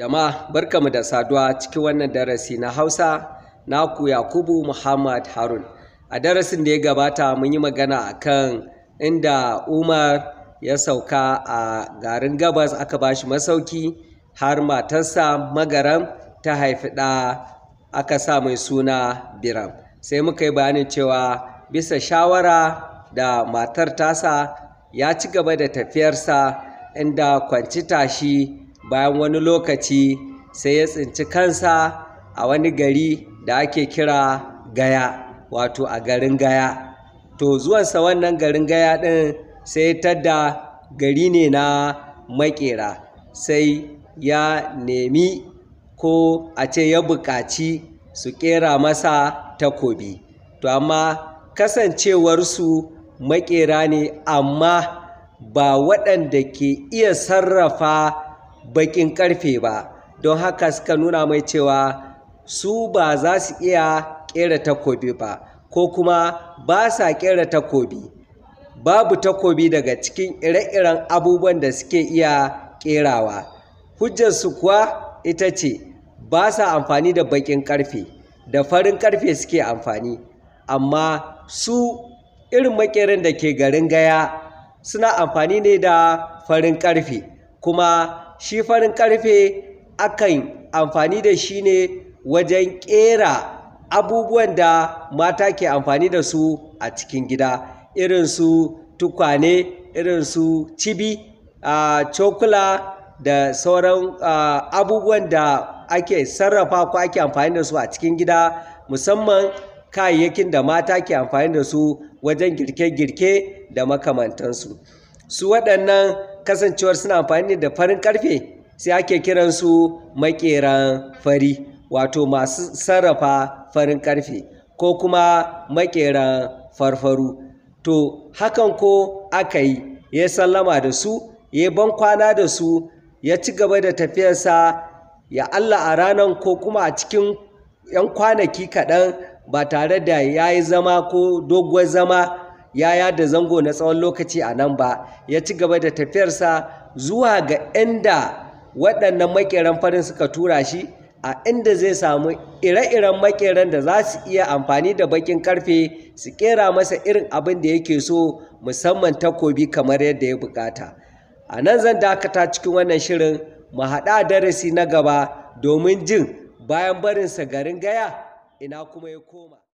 Jama'a barkamu da saduwa cikin wannan darasi na Hausa naku Yakubu Muhammad Harun. A darasin da ya gabata mun yi magana a kan inda Umar ya sauka a garin Gabas aka ba shi masauki har matarsa Magaram ta haifi ɗa aka sa mai suna Biram. Sai muka yi bayanin cewa bisa shawara da matar tasa ya ci gaba da tafiyarsa inda kwanci tashi bayan wani lokaci sai ya tsinci kansa a wani gari da ake kira gaya wato a garin gaya to zuwansa wannan garin gaya ɗin sai ya tadda gari ne na maƙera sai ya nemi ko a ce ya buƙaci su ƙera masa takobi to amma kasancewarsu maƙera ne amma ba waɗanda ke iya sarrafa baƙin ƙarfe ba don haka suka nuna mai cewa su ba za su iya ƙera takobi ba ko kuma ba sa ƙera takobi babu takobi daga cikin ire-iren abubuwan da suke iya ƙerawa hujjarsu kuwa ita ce ba sa amfani da baƙin ƙarfe da farin ƙarfe suke amfani amma su irin maƙerin da ke garin gaya suna amfani ne da farin ƙarfe kuma shi farin ƙarfe akan amfani da shi ne wajen ƙera abubuwan da mata ke amfani da su a cikin gida irin su tukwane irin su cibi a cokula da sauran abubuwan da ake sarrafa ko ake amfani da su a cikin gida musamman kayayyakin da mata ke amfani da su wajen girke-girke da makamantansu su waɗannan kasancewar suna amfani da farin karfe sai ake kiransu maƙeran fari wato masu sarrafa farin karfe ko kuma maƙeran farfaru to hakan ko aka yi ya sallama da su ya ban kwana da su ya ci gaba da tafiyarsa ya allah a ranar ko kuma a cikin 'yan kwanaki kaɗan ba tare da ya yi zama ko doguwar zama ya yada zango na tsawon lokaci a nan ba ya ci gaba da tafiyarsa zuwa ga inda waɗannan makeran farin suka tura shi a inda zai samu ire-iren makeran da za su iya amfani da bakin karfe su kera masa irin abin da yake so musamman takobi kamar yadda ya bukata a nan zan dakata cikin wannan shirin mu haɗa darasi na gaba domin jin bayan barinsa garin gaya ina kuma ya koma